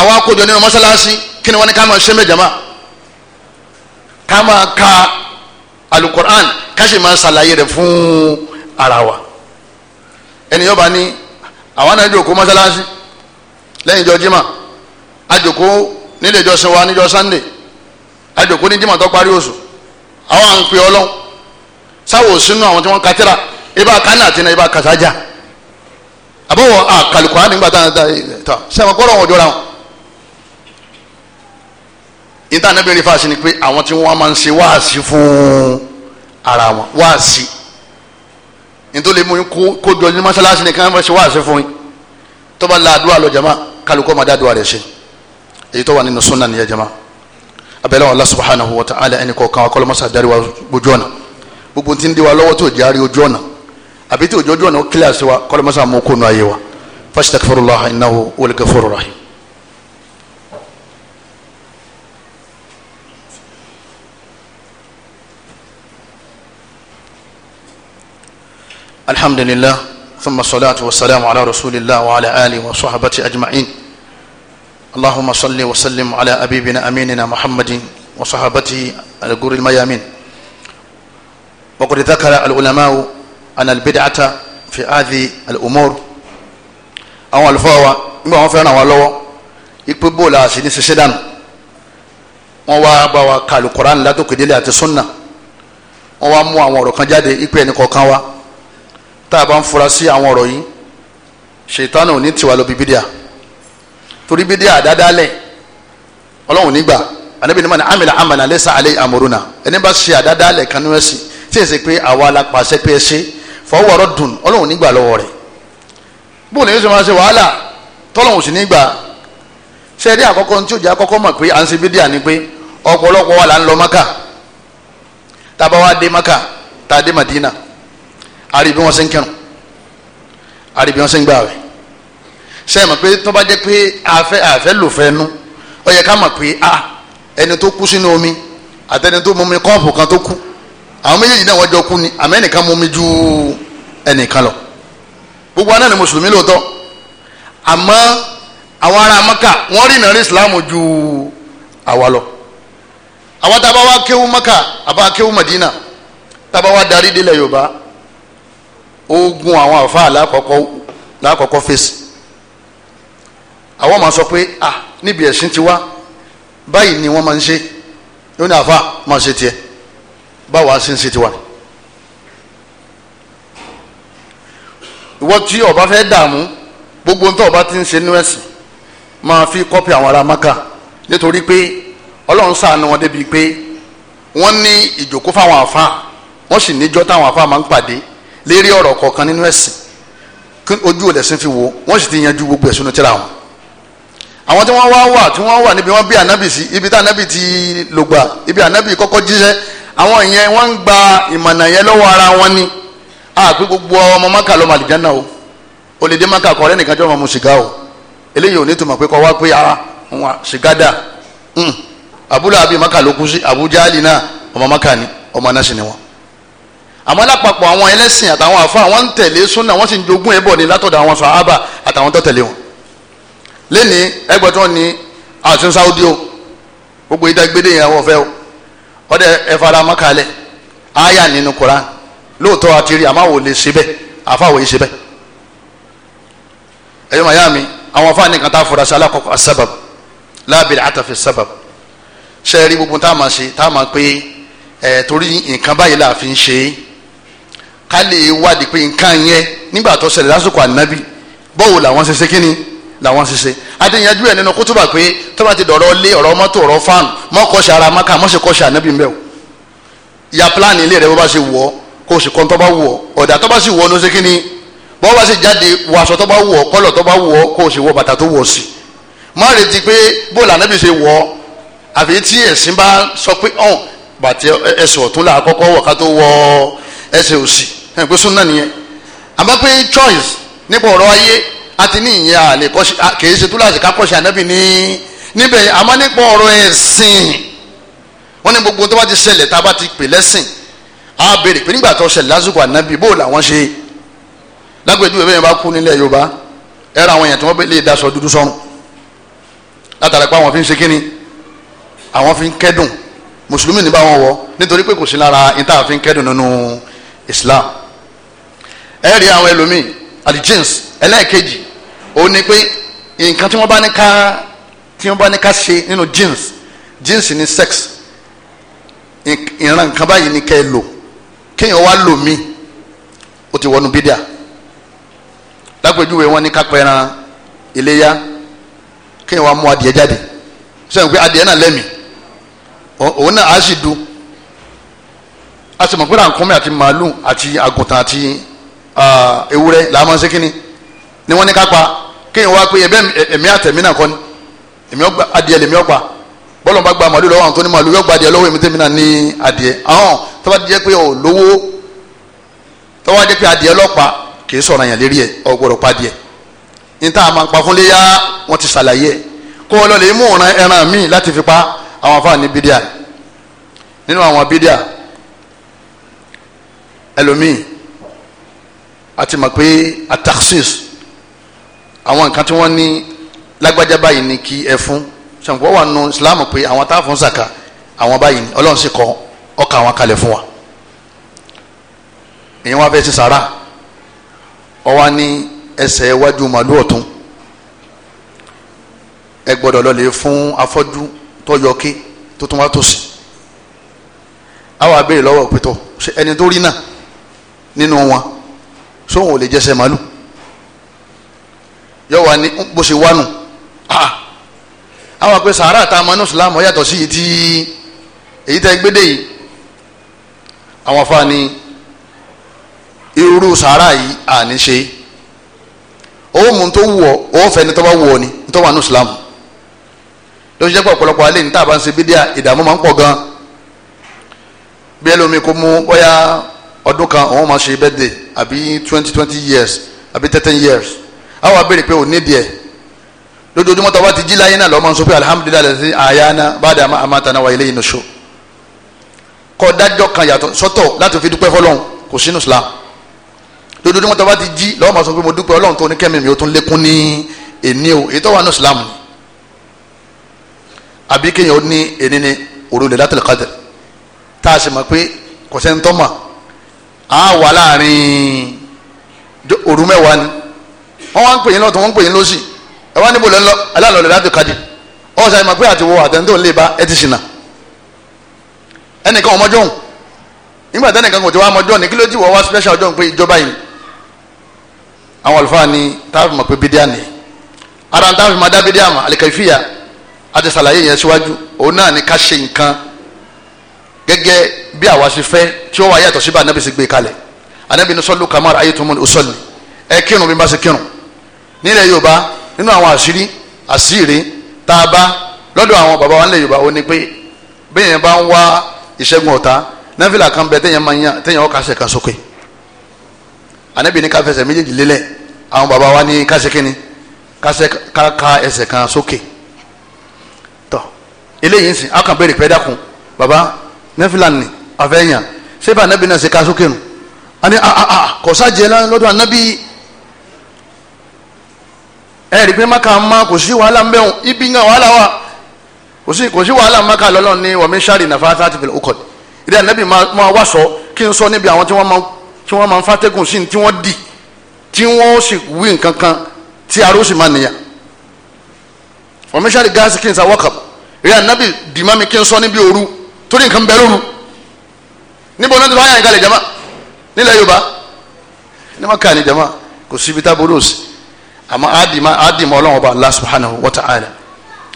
àwọn akójọ nínú mọ́sálásí kí ni wọ́n ní ká máa ṣe mẹ́jọ máa ká máa ka alukur'an ká sì salaye de rẹ̀ arawa, ara wa ẹnìyàn bá ní àwọn náà jòkó mọ́sálásí lẹ́yìn ìjọ jimá àjòkó nílé ìjọsìn wa níjọ sannde àjòkó ní jimá tó parí oṣù àwọn à ń pè ọlọ́run sáwò sínú àwọn tí wọ́n ka tírà ibà kánà àti ibà kàtàjà àbọ̀wọ̀ àkàlùkù á nígbà tá a sẹ́wọ̀n gbọ́dọ̀ wọn jọra wọn ìtànẹ́bìnrin fásitì ni pé àwọn tí wọ́n máa ń ṣe wáàsí fún un ara wọn wáàsí nítorí lè mú yín kó jọ ní mọ́sálásí nìkan fẹ́ ṣe wáàsí fún yín tó bá la àdúrà lọ jama kálukọ́ máa dá àdúrà rẹ̀ ṣe èyí tó wà nínú sunna nìyẹn jama abẹ́lẹ́ wọn Allah subhanahu wa ta'ala ẹni kọ̀ọ̀kan akọ́lọ́mọsá darí wa ojú ọ̀nà gbogbo tí ń di wa lọ́wọ́ tó járe ojú ọ̀nà àbí tí òjò ojú ọ̀nà ó kílẹ̀ àṣewà kọ́lọ́mọsá mú kónú ayé wa fastaghfirullah innahu huwal ghafurur rahim. alhamdulillah thumma salatu wa salamu ala rasulillah wa ala alihi wa sahbati ajma'in allahumma salli wa sallim ala abibina aminina muhammadin wa sahabati al-gur al-mayamin wa qad dhakara al-ulama an al-bid'ata fi hadhi al-umur àwọn alfawa ngba wọ́n fẹ́ ràn wá lọ́wọ́ ipe bo la si ni ṣe dànù wọ́n wá bá wa ka al àti sunna wọ́n wá mú àwọn ọ̀rọ̀ kan jáde ipe ẹni kọ̀ọ̀kan wa tá a bá ń fura sí àwọn ọ̀rọ̀ yìí ṣètánù ní tiwa lọ bí bídíà torí bídíà àdádálẹ̀ ọlọ́run nígbà ànábì nímọ̀ ní amìlà amànà lẹ́sà alẹ́ àmọ̀rúnà ẹni bá ṣe àdádálẹ̀ kanú ẹ̀sìn tí èsì pé àwa alápàṣẹ pé ẹ ṣe fọwọ́rọ́ dùn ọlọ́run nígbà lọ́wọ́ rẹ̀ bóun ni yóò ṣe máa ṣe wàhálà tọ́lọ́run sì nígbà ṣe rí àkọ́kọ́ tí ó jẹ́ àkọ́kọ́ mọ̀ pé à ń ṣe bídíà ni pé ọ̀pọ̀lọpọ̀ wa là ń madina àrí bí wọ́n ṣe ń kẹrùn àrí bí wọ́n ṣe ń gbààwẹ̀ sẹ́yìn mọ̀ pé tó bá jẹ́ pé àfẹ́ àfẹ́ lò fẹ́ nu ó yẹ ká mọ̀ pé a ah, ẹni tó kú sínú omi àtẹni tó mumi kọ́ọ̀pù kan tó kú àwọn méjèèjì náà wọ́n jọ kú ni àmọ́ ẹnìkan mumi ju ẹnìkan lọ gbogbo anáà ni mùsùlùmí lóòótọ́ àmọ́ àwọn ará maka wọ́n rí ìnáwó islam ju àwa lọ àwa tá a bá wá kéwú maka àbá kéwú madina tá a bá wá darí délẹ̀ yorùbá ogun àwọn àfa lákọ̀ọ́kọ́ lákọ̀ọ́kọ́ fèsì àwọn máa sọ pé ah níbi ẹ̀sìn tiwa báyìí ni wọ́n máa ń ṣe ó ní àfa máa ṣe tiẹ̀ báwa ṣe ń ṣe tiwa. ìwọ tí ọba fẹ́ dààmú gbogbo ń ọba ti ń ṣe nú ẹ̀sìn máa fi kọ́pì àwọn ará maka nítorí pé ọlọ́run ṣàánú wọn débi pé wọ́n ní ìjòkó fáwọn àfa wọ́n sì níjọ́ táwọn àfa máa ń pàdé lérí ọ̀rọ̀ kọ̀ọ̀kan nínú ẹ̀sìn ojú ò lẹ́sìn fi wo wọ́n sì ti yanjú gbogbo ẹ̀sùn tírà wọn. àwọn tí wọ́n wá wà tí wọ́n wà níbi wọ́n bí ànábì sí ibi tí ànábì ti lògbà ibi ànábì kọ́kọ́ jíṣẹ́ àwọn ìyẹn wọ́n ń gba ìmọ̀nà yẹn lọ́wọ́ ara wọn ni àpé gbogbo ọmọ maka lọ́mọ àlìjánná o ò lè dé maka kọ́ ọ̀rẹ́ nìkan jọ́ ọmọ mu sìgá o eléyìí ò ní tùmọ̀ pé àmọ́ lápapọ̀ àwọn ẹlẹ́sìn àtàwọn àfa àwọn ń tẹ̀lé súnà wọ́n sì ń jogún ẹ̀ ní látọ̀dọ̀ àwọn sàhábà àtàwọn tẹ̀lé wọn. lẹ́ni ẹgbẹ̀tàn ni àtún sáúdí o gbogbo ìdágbélé yẹn wọ́n fẹ́ o ọdẹ ẹ fara mọ́ kalẹ̀ àyà nínú koran lóòótọ́ àti rí àmọ́ àwò lè ṣe bẹ́ẹ̀ àfa àwò yìí ṣe bẹ́ẹ̀. ẹ̀yọ́ màyá mi àwọn afáàní kan tá a fura sí alákọ̀ọ́kọ́ sábàb lábìrì àtàfẹ́ sábàb ṣẹ́ẹ̀rí gbogbo táwọn máa ṣe ká lè wádìí pé nǹkan yẹn nígbà tó ṣẹlẹ̀ lásìkò ànábì bọ́wọ́ làwọn ṣe ṣe kí ni làwọn ṣe ṣe adéyanjú ẹ̀ nínú kótóbà pé tó ti dọ̀rọ̀ lé ọ̀rọ̀ mọ́tò ọ̀rọ̀ fáànù mọ́ ara maka mọ́ kọ́ṣe ànábì mbẹ́ o ya pílánì ilé rẹ bó bá ṣe wọ̀ ọ́ kó o sì kọ́ tó bá wù ọ́ ọ̀dà tó bá sì wọ̀ ọ́ ló ṣe kí ni bó bá ṣe jáde wọ aṣọ tó bá wù ọ́ kọ́lọ̀ tó bá wù kó o sì wọ bàtà tó wọ̀ sí má retí pé bó làǹdàbì ṣe wọ̀ àfi tí ẹ̀sìn bá sọ pé ọ̀n bàtà ẹsẹ̀ ọ̀tún là kọ́kọ́ wọ̀ ká tó wọ ẹsẹ̀ òsì ẹ̀ pé súnà nìyẹn àmọ́ pé choice nípa ọ̀rọ̀ ayé àti ní ìyẹn àlè kìí ṣe túláàsì kákọ́ṣe ànábì ní níbẹ̀ àmọ́ nípa ọ̀rọ̀ ẹ̀sìn wọ́n ní gbogbo tó bá ti ṣẹlẹ̀ tá a bá ti pè lẹ́sìn á béèrè pé nígbà tó ṣẹlẹ̀ lásìkò ànábì bó làwọn ṣe lágbèjúwe bẹ́ẹ̀ bá kú nílẹ̀ Yorùbá ẹ̀rọ àwọn èèyàn tí wọ́n bẹ lè daṣọ dúdú sọ́run látara pé àwọn fi ń ṣe Islam ẹ rí àwọn ẹlòmíì alijins ẹlẹ́ẹ̀kejì òun ni pé nǹkan tí wọ́n bá ní ká tí wọ́n bá ní ká ṣe nínú jeans jeans ni sex ìran nǹkan báyìí ni kẹ́ ẹ lò kéèyàn wá lò mí ó ti wọnú bídà lápèjúwe wọn ní ká pẹran iléyá kéèyàn wá mú adìẹ jáde sẹ́yìn pé adìẹ náà lẹ́mìí òun náà á sì dùn a sì mọ̀ pé ràǹkọ́mí àti màálù àti àgùntàn àti Ah, ewúrẹ́ làá máa ń ṣe kínní ni wọ́n ní ká pa kéèyàn wá pé ẹ̀bẹ́ ẹ̀mí àtẹ̀mí náà kọ́ ni ẹ̀mí adìẹ lèmi ọ̀pá bọ́lọ̀ bá gba màálù lọ́wọ́ àwọn tó ní màálù yóò gba adìẹ lọ́wọ́ èmi tèmi náà ní adìẹ àwọn tó bá pé ò lówó tó bá pé adìẹ lọ́pa kì í sọ̀rọ̀ àyàn lérí ẹ̀ ò gbọ́dọ̀ pa adìẹ níta àmà pa fún léyà wọ́n ti ṣàlàyé ẹ̀ kó o lọ́ọ́ lè mú ọ̀ràn ẹran míì láti fi pa àwọn afáàní bídíà nínú àwọn bídíà ẹlòmíì a ti mọ̀ pé ataxis àwọn nǹkan tí wọ́n ní lágbájá báyìí ni kí ẹ fún sọ̀nkọ́ wà nù Islam pé àwọn tá a àwọn báyìí ni Ọlọ́run sì kọ́ ọkà àwọn kalẹ̀ fún wa èyí wọn fẹ́ ti sàrà ó wà ní ẹsẹ̀ iwájú màlúù ọ̀tún ẹ gbọ́dọ̀ lọ lè fún afọ́jú tó yọ ké tó tún wá tó sí àwọn abéèrè lọ́wọ́ pẹ̀tọ́ ẹni tó rí náà nínú wọn sóhun ò lè jẹsẹ̀ màálù yóò wá ní bó ṣe wánu ah! àwọn àpè sàárà tá a mọ inú islam yàtọ̀ sí ti èyí tẹ́ gbédè yìí àwọn afa ni irú sàárà yìí à ní ṣe ó mú tó wù ọ́ ó fẹ́ ni tó bá wù ọ́ ni tó wà ní islam ló ṣe jẹ́ pé ọ̀pọ̀lọpọ̀ alẹ́ ní tá a bá ń ṣe bídíà ìdààmú máa ń pọ̀ gan bí ẹlòmíì kò mú bóyá ọdún kan òun máa ṣe birthday àbí twenty twenty years àbí thirteen years àwọn abéèrè pé ò ní díẹ̀ lójoojúmọ́ tó bá ti jí láyé náà lọ́mọ sọ pé alihamudulilayi lẹ́sìn àyànà báda amátana wa ilé yìí nìṣó kọ́ dájọ́ kan yàtọ̀ sọ́tọ̀ láti fi dúpẹ́ fọlọ́run kò sínú Islam lójoojúmọ́ tó bá ti jí lọ́mọ sọ pé mo dúpẹ́ ọlọ́run tó ní kẹ́mi mi ò tún lékún ní èní o èyí tó wà ní Islam ni àbí kéèyàn ó ní èní ni òrùlé látìlẹ́kadẹ̀ tá a sì mọ̀ pé kò sẹ́ńtọ́ mọ̀ á wà láàrin òru mẹ́wàá ni wọ́n wá ń pè yín lọ́tọ̀ wọ́n ń pè yín lọ́sì ẹ wá níbo lẹ́ ń lọ aláàlọ́lẹ̀ láti kadì ọ̀sà ìmọ̀ pé àtiwọ́ àtẹ̀ntò ń lè ba ẹ ti ṣìnà ẹnìkan ọmọjọ́ òun nígbà tẹ́nìkan kò ti wá ọmọjọ́ ni kí ló ti wọ́ wá special ọjọ́ pé ìjọba yìí àwọn àlùfáà ni táàbù mọ̀ pé bídíà ni ara táàbù mọ̀ dá bídíà mọ̀ àlìkàfíà àti sàlàyé yẹn síwájú òun náà ni ká ṣe nǹkan gẹ́gẹ́ bí àwa ṣe fẹ́ tí ó wà yàtọ̀ síbà anábì sì gbé kalẹ̀ anábì ní sọ́lù kamar ayétumọ̀ ní òsọ́lì ẹ kírun bí n bá ṣe kírun nílẹ̀ yorùbá nínú àwọn àṣírí àṣírí tá a bá lọ́dọ̀ àwọn bàbá wa nílẹ̀ yorùbá ó ní pé bẹ́ẹ̀ yẹn bá ń wá ìṣẹ́gun ọ̀tá náfìlà kan bẹ téèyàn máa yan téèyàn ọkà ṣe kan sókè anábì ní ká fẹsẹ̀ méjèèjì lélẹ̀ àwọn bàbá wa ní ká ṣe kíni ká nẹ́fìlà ni àfẹ́yàn sẹ́bà anabi náà ṣe ká sókè nù a ní àà ah, ah, ah, kọ̀ọ̀sájẹ lọ́dọ̀ anabi ẹ̀rí pé maka ma kò sí wàhálà ń bẹ̀ wọn ibi ń ga wàhálà wa kò sí kò sí wàhálà maka lọ́lọ́ ní wàmí sáré nàfà tààtì fìlẹ̀ ọkọ̀ ìdí anabi máa wá sọ kí n sọ níbi àwọn tí wọ́n máa tí wọ́n máa ń fàtẹ́gùn sí tí wọ́n dì tí wọ́n sì wí nǹkan kan tí aró sì máa nìyà wàmí sáré gáàsì kí n sa wọ́kàp ìdí anabi dìímá mi kí n sọ níbi òru torí nǹkan bẹ lóru níbo náà ti fà yàn kalẹ̀ jama nílẹ̀ yorùbá ní ma kàn ní jama kò síbi tá a bolo sí àmọ́ àdìmọ́ àdìmọ́ ọlọ́run ọba Allah subhanahu wa ta'ala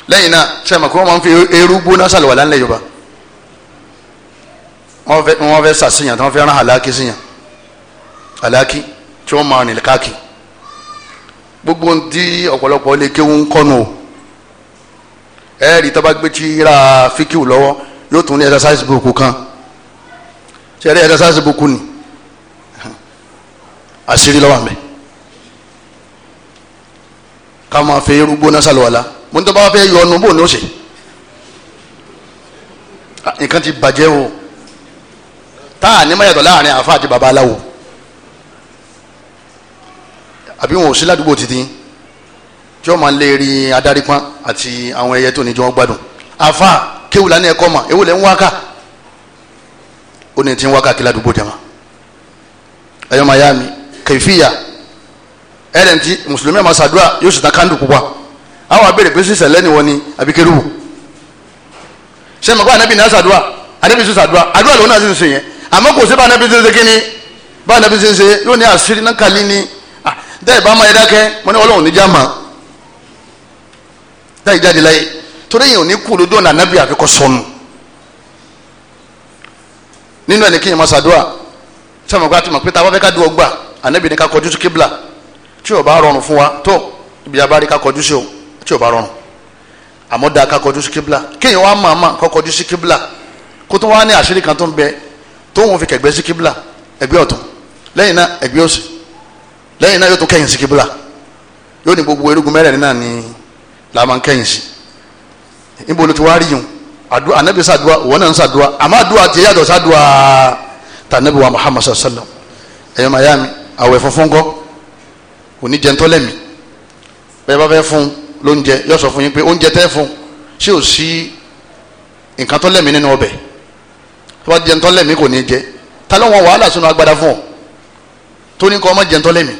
lẹ́yìn náà sẹ́mi kí wọ́n máa ń fi eru gbóná sàlùwàlá nílẹ̀ yorùbá wọ́n fẹ́ wọ́n fẹ́ sàṣìyàn tí wọ́n fẹ́ rán àlákí síyàn àlákí tí wọ́n máa rìn káàkì gbogbo ń di ọ̀pọ̀lọpọ̀ lè kéwọn kọ́nu o ẹ̀ẹ́dì tó bá gbé tí ra fíkìw lọ́wọ́ yóò tún ní exercise book kan ṣe rí exercise book ni àṣírí lọ́wọ́ àmì ká máa fi irú gbóná sàlùwàlà mo ní tó bá fẹ́ yọ ọnu bò ní ó ṣe nǹkan ti bàjẹ́ o tá a ní mayàtọ̀ láàrin àfa àti baba aláwo àbí wọn ò sí ládùúgbò títí tí wọn máa lè rí adarí pọn àti àwọn ẹyẹ tó ní jọ wọn gbádùn àfa kéwù lánàá ẹ̀kọ́ mà èwo lẹ́ ń wáká ó ní ti ń wáká kílá àdúgbò jama ẹ̀yọ́ màá yá mi kẹfìyà ẹ̀rẹ̀ ntí mùsùlùmí àmà sàdúrà yóò sì ta kándù púpà àwọn abẹ́rẹ́ pé sísẹ̀ lẹ́nu wọn ni àbí kérúwù sẹ́mi kọ́ ànábì náà sàdúrà ànábì sì sàdúrà àdúrà lòun náà sì ń sè yẹn àmọ́ kò sí bá ànábì sì ń ṣe kíni bá ànábì sì ń ṣe yóò ní àṣírí náà kàlí ni dẹ́ẹ̀ bá máa yẹ dákẹ́ mọ́ ní ọlọ́run torí èèyàn ò ní kú lójú ọ̀nà ànábì àfikọ́ sọnù nínú ẹni kéèyàn máa ṣàdúrà sọmọ gba àtìmọ̀ pé tá a bá fẹ́ ká dúró gbà ànábì ní ká kọjú sí kíbla tí ò bá rọrùn fún wa tó ibi abárí ká kọjú sí o tí ò bá rọrùn àmọ́ ká kọjú sí kíbla kéèyàn wá máa máa kọ́ kọjú sí kíbla kó tó wá ní àṣírí kan tó ń bẹ tóun fi kẹ̀gbẹ́ sí kíbla ẹ̀gbẹ́ ọ̀tún lẹ́yìn náà ẹ̀gbẹ́ òsì lẹ́yìn náà yóò tó kẹ́yìn sí kíbla yóò ní gbogbo erugun mẹ́rẹ̀ẹ̀rin náà ni làá máa ń kẹ́yìn sí níbo ló ti wá rí yun àdúrà anabi sàdúrà òun náà ń sàdúrà àmọ́ àdúrà tiẹ̀ yàtọ̀ sàdúrà tànàbí wa muhammad sallam ẹ̀yọ́ màyá mi àwẹ̀ funfun kọ́ òní jẹ́ ntọ́lẹ̀ mi bẹ́ẹ̀ bá fẹ́ fún lóúnjẹ yóò sọ fún yín pé oúnjẹ tẹ́ fún ṣé ò sí nǹkan tọ́lẹ̀ mi nínú ọbẹ̀ tó bá jẹ́ ntọ́lẹ̀ mi kò ní jẹ ta ló wọn wàhálà sínú agbada fún ọ tó ní kọ́ ọmọ jẹ́ mi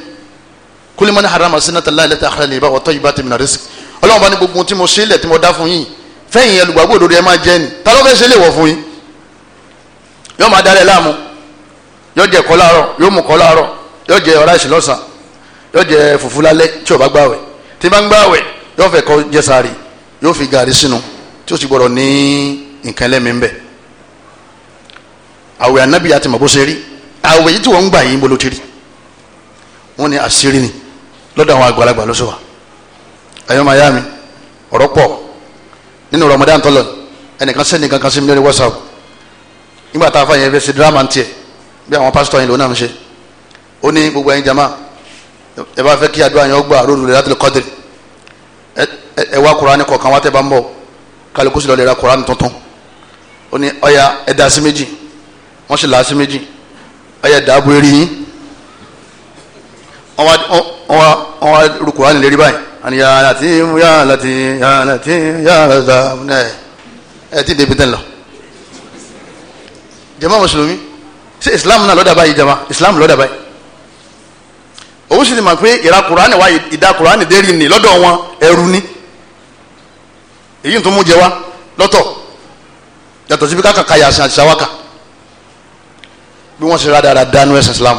kúlímọ́ni haram asinatalayi lẹ́tà àkàrà lè bá wọ́tọ́ yìí bá tẹ̀mínà rẹ́sì bá ní gbogbo tí mo ṣe tí mo dá fún yìí fẹ́yìn olùgbàgbọ́ òdodo ẹ máa jẹ́ ni ta ló fẹ́ ṣe lè wọ̀ fún yín yóò máa dalẹ̀ láàmú yóò jẹ kọ́ láàárọ̀ yóò mú kọ́ láàárọ̀ yóò jẹ ọ̀rá ìṣìn lọ́sàn yóò jẹ fùfú lálẹ́ tí o bá gbàwẹ̀ tí bá ń gbàwẹ̀ yóò fẹ́ kọ́ jẹ yóò fi gàrí sínú tí o sì gbọ́dọ̀ ní nǹkan lẹ́mìí ń bẹ̀ àwẹ̀ anábì àti ṣe rí àwẹ̀ yìí tí wọ́n ń gbà yín nínú Ramadan tọ́lọ ẹnìkan sẹ́ni kankan sí mi lórí WhatsApp nígbà tá a fà yẹn fẹ́ ṣe drama ń tiẹ̀ bí àwọn pásítọ̀ yẹn lòun náà ń ṣe ó ní gbogbo ẹ̀yin jama ẹ bá fẹ́ kí àdúrà yẹn ó gbà lóru rẹ̀ láti lè kọ́dìrì ẹ wá Kùránì kọ̀ọ̀kan wá tẹ́ bá ń bọ̀ kálukú sì lọ lè ra tuntun ó ní ọ̀ya ẹ̀ dá sí méjì wọ́n sì là sí méjì ọ̀ya ẹ̀ dá yín wọ́n wá rú Kùránì lérí báyìí Ani ya lati mu ya lati ya lati ya razak nẹ ẹ ti débi tẹ́ lọ. jama mùsùlùmí se islam na lo lọ́dà báyìí jama islam lo báyìí òun sì ti mọ̀ pé ìra kùránì wa ìdá kùránì dérí ni lọ́dọ̀ wọn eru ni èyí tó mú jẹ wá lọ́tọ̀ yàtọ̀ síbi káàkà kàyà àṣà àṣà wákà bí wọ́n ṣe rádàrà dánú islam.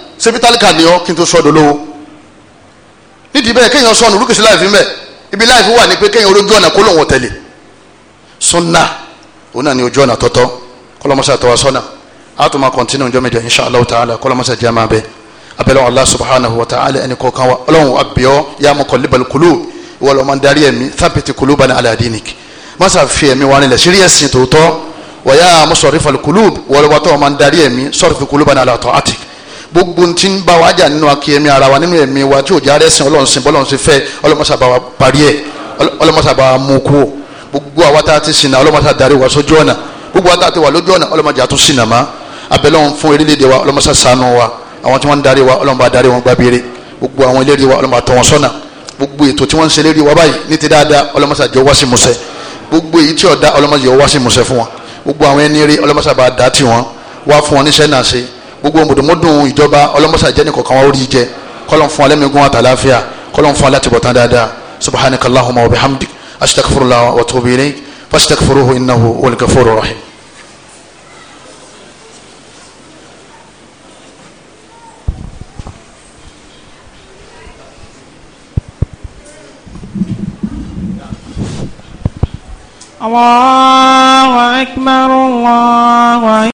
ṣé bítáríkà ni ọ kí n tó sọdọ lówó nídìí bẹ́ẹ̀ kéèyàn sọnù olùkèsí láìfi mẹ́ ibi láìfi wà ní pé kéèyàn olójú ọ̀nà kó lòun ọ̀tẹ̀lẹ̀ sunna òun náà ni ojú ọ̀nà tọ́tọ́ kọ́lọ́mọṣẹ́ àtọwà sọ́nà a kọ́ntínú ọjọ́ mẹ́jọ insha Allah ta'ala jẹ́ máa bẹ abẹ́lẹ́ Allah subhanahu wa ta'ala ẹni kọ̀ọ̀kan wa ọlọ́run abiọ́ ya muqallibal qulub ìwọ lọ́ọ́ máa ń darí ẹ̀mí thabbit qulubana ala dinik mọ́sá fi ẹ̀mí wa nílẹ̀ sírí ẹ̀sìn tòótọ́ gbogbo ti ń bá wa jà nínú akíyẹmí ara wa nínú ẹ̀mí wa tí òjá rẹ̀sìn ọlọ́run sìn bọ́lọ́run sì fẹ́ ọlọ́mọṣà bá wa parí ẹ̀ ọlọ́mọṣà bá wa mú kú o gbogbo àwa tá a ti sìnà ọlọ́mọṣà darí wa sójú ọ̀nà gbogbo àwa tá a ti wà lójú ọ̀nà ọlọ́mọjà tún sìnà má abẹ́lẹ́wọ̀n fún erédèdè wa ọlọ́mọṣà ṣàánú wa àwọn tí wọ́n ń darí wa ọlọ́mọba darí wọn gbà béèrè gbogbo àwọn eléré wa ọlọ́mọba tọ́ wọn fún wọn níṣẹ́ náà ṣe gbogbo mùdùmùdùn ìjọba ọlọ́mọṣà jẹ́ ní kọ̀ọ̀kan wa ó rí jẹ kọ́lọ́n fún alẹ́mìgún àtàláfíà kọ́lọ́n fún alátìbọ̀tán dáadáa subhanaka allahumma wa bihamdik astaghfirullah wa atubu ilayk fastaghfiruhu innahu huwal ghafurur rahim. الله أكبر الله